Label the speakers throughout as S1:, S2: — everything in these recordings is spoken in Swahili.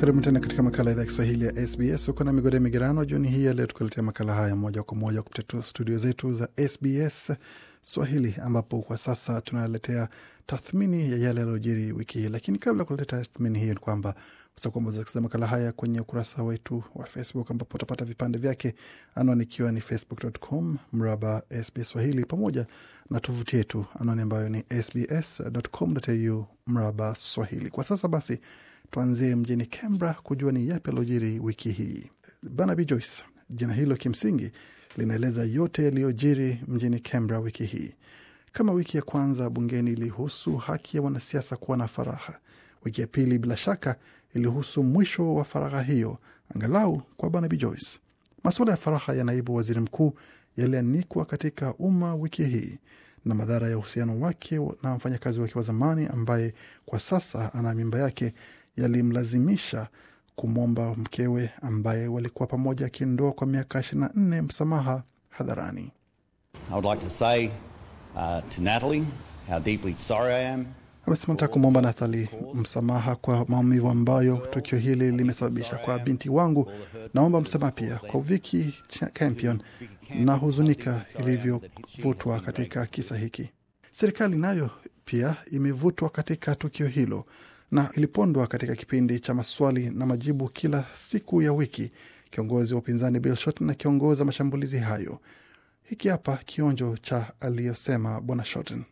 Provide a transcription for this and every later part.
S1: Karibu tena katika makala ya idhaa ya Kiswahili ya SBS. Uko na migode migerano jioni hii ya leo, tukuletea makala haya moja kwa moja kupitia studio zetu za SBS Swahili, ambapo kwa sasa tunaletea tathmini ya yale yaliyojiri wiki hii. Lakini kabla ya kuleta tathmini hiyo, ni kwamba usakuambaza makala haya kwenye ukurasa wetu wa Facebook, ambapo utapata vipande vyake, anwani ikiwa ni facebook.com mraba SBS Swahili, pamoja na tovuti yetu, anwani ambayo ni sbs.com.au mraba Swahili. Kwa sasa basi Tuanzie mjini Canberra kujua ni yapi aliojiri wiki hii. Barnaby Joyce, jina hilo kimsingi linaeleza yote yaliyojiri mjini Canberra wiki hii. Kama wiki ya kwanza bungeni ilihusu haki ya wanasiasa kuwa na faragha, wiki ya pili bila shaka ilihusu mwisho wa faragha hiyo, angalau kwa Barnaby Joyce. Masuala ya faragha ya naibu waziri mkuu yalianikwa katika umma wiki hii na madhara ya uhusiano wake na mfanyakazi wake wa zamani ambaye kwa sasa ana mimba yake yalimlazimisha kumwomba mkewe ambaye walikuwa pamoja akindoa kwa miaka 24 msamaha hadharani. Uh, Amesema nataka kumwomba Nathali msamaha kwa maumivu ambayo tukio hili limesababisha kwa binti wangu. Naomba msamaha pia kwa Viki Campion na huzunika ilivyovutwa katika kisa hiki. Serikali nayo pia imevutwa katika tukio hilo na ilipondwa katika kipindi cha maswali na majibu kila siku ya wiki. Kiongozi wa upinzani Bill Shorten akiongoza mashambulizi hayo. Hiki hapa kionjo cha aliyosema Bwana Shorten.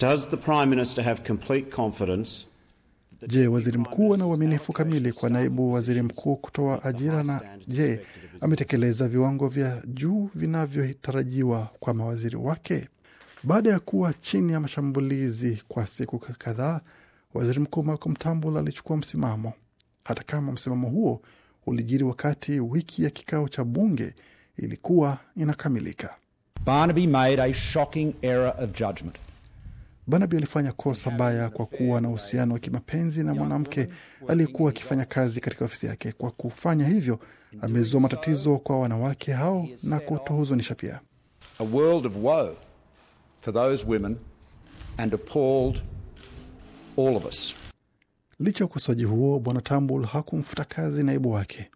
S1: Does the Prime Minister have complete confidence Je, waziri mkuu ana uaminifu kamili kwa naibu waziri mkuu kutoa ajira? Na je, ametekeleza viwango vya juu vinavyotarajiwa kwa mawaziri wake? Baada ya kuwa chini ya mashambulizi kwa siku kadhaa, Waziri Mkuu Malcolm Turnbull alichukua msimamo, hata kama msimamo huo ulijiri wakati wiki ya kikao cha bunge ilikuwa inakamilika. Barnaby made a shocking error of judgment. Barnaby alifanya kosa baya kwa kuwa na uhusiano wa kimapenzi na mwanamke aliyekuwa akifanya kazi katika ofisi yake. Kwa kufanya hivyo, amezua matatizo kwa wanawake hao na kutuhuzunisha pia. A world of woe for those women and appalled all of us. Licha ya ukosoaji huo, Bwana Tambul hakumfuta kazi naibu wake,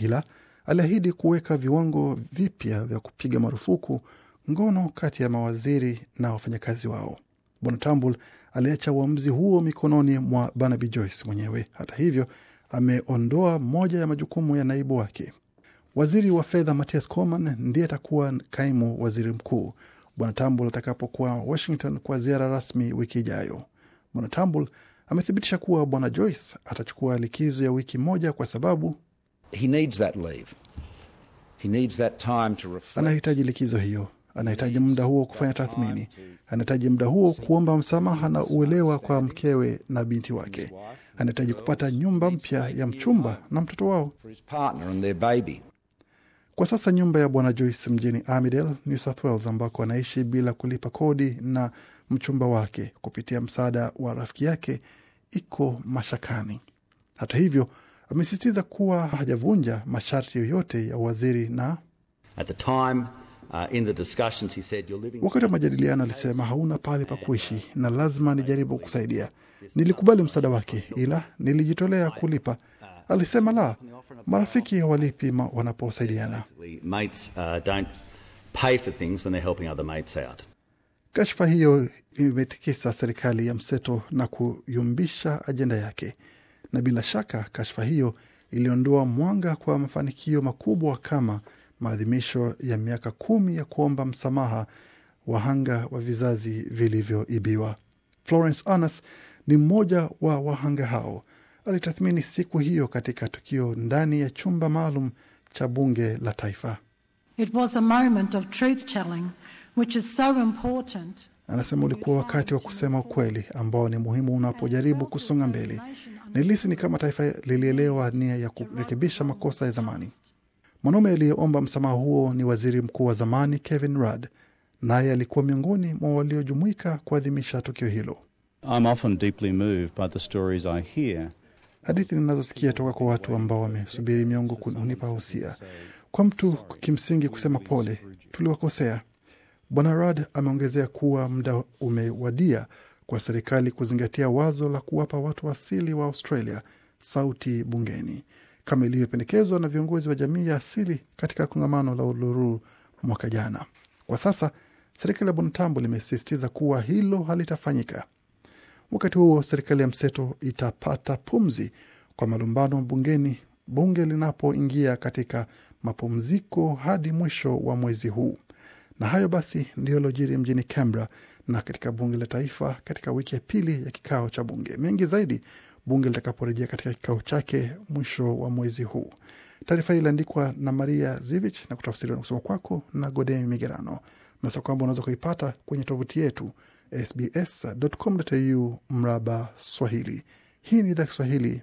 S1: ila aliahidi kuweka viwango vipya vya kupiga marufuku ngono kati ya mawaziri na wafanyakazi wao. Bwana Tambul aliacha uamuzi huo mikononi mwa Barnaby Joyce mwenyewe. Hata hivyo, ameondoa moja ya majukumu ya naibu wake. Waziri wa fedha Matthias Coman ndiye atakuwa kaimu waziri mkuu Bwana Tambul atakapokuwa Washington kwa ziara rasmi wiki ijayo. Bwana amethibitisha kuwa Bwana Joyce atachukua likizo ya wiki moja kwa sababu He needs that leave. He needs that time to reflect. Anahitaji likizo hiyo, anahitaji muda huo kufanya tathmini, anahitaji muda huo kuomba msamaha na uelewa kwa mkewe na binti wake, anahitaji kupata nyumba mpya ya mchumba na mtoto wao. Kwa sasa nyumba ya bwana Joyce mjini Armidale, New South Wales, ambako anaishi bila kulipa kodi na mchumba wake kupitia msaada wa rafiki yake iko mashakani. Hata hivyo, amesisitiza kuwa hajavunja masharti yoyote ya waziri na At the time, uh, in the discussions he said you're living... Wakati wa majadiliano alisema hauna pale pa kuishi na lazima nijaribu kusaidia. Nilikubali msaada wake, ila nilijitolea kulipa. Alisema la, marafiki hawalipi wanaposaidiana. Kashfa hiyo imetikisa serikali ya mseto na kuyumbisha ajenda yake, na bila shaka kashfa hiyo iliondoa mwanga kwa mafanikio makubwa kama maadhimisho ya miaka kumi ya kuomba msamaha wahanga wa vizazi vilivyoibiwa. Florence Anas ni mmoja wa wahanga hao. Alitathmini siku hiyo katika tukio ndani ya chumba maalum cha bunge la taifa. It was a moment of truth telling which is so important. Anasema ulikuwa wakati wa kusema ukweli ambao ni muhimu unapojaribu kusonga mbele. Nilihisi ni kama taifa lilielewa nia ya kurekebisha makosa ya zamani. Mwanaume aliyeomba msamaha huo ni waziri mkuu wa zamani Kevin Rudd, naye alikuwa miongoni mwa waliojumuika kuadhimisha tukio hilo. I'm often deeply moved by the stories I hear. Hadithi ninazosikia toka kwa watu ambao wamesubiri miongo kunipa husia kwa mtu kimsingi kusema pole, tuliwakosea Bwana Rudd ameongezea kuwa muda umewadia kwa serikali kuzingatia wazo la kuwapa watu asili wa Australia sauti bungeni kama ilivyopendekezwa na viongozi wa jamii ya asili katika kongamano la Uluru mwaka jana. Kwa sasa serikali ya Bwana Tambo limesisitiza kuwa hilo halitafanyika. Wakati huo serikali ya mseto itapata pumzi kwa malumbano bungeni, bunge linapoingia katika mapumziko hadi mwisho wa mwezi huu. Na hayo basi ndiyo lojiri mjini Canberra na katika bunge la taifa katika wiki ya pili ya kikao cha bunge. Mengi zaidi bunge litakaporejea katika kikao chake mwisho wa mwezi huu. Taarifa hii iliandikwa na Maria Zivich na kutafsiriwa na kusoma kwako na gode Migerano. Nasa kwamba unaweza kuipata kwenye tovuti yetu sbs.com.au mraba Swahili. Hii ni idhaa Kiswahili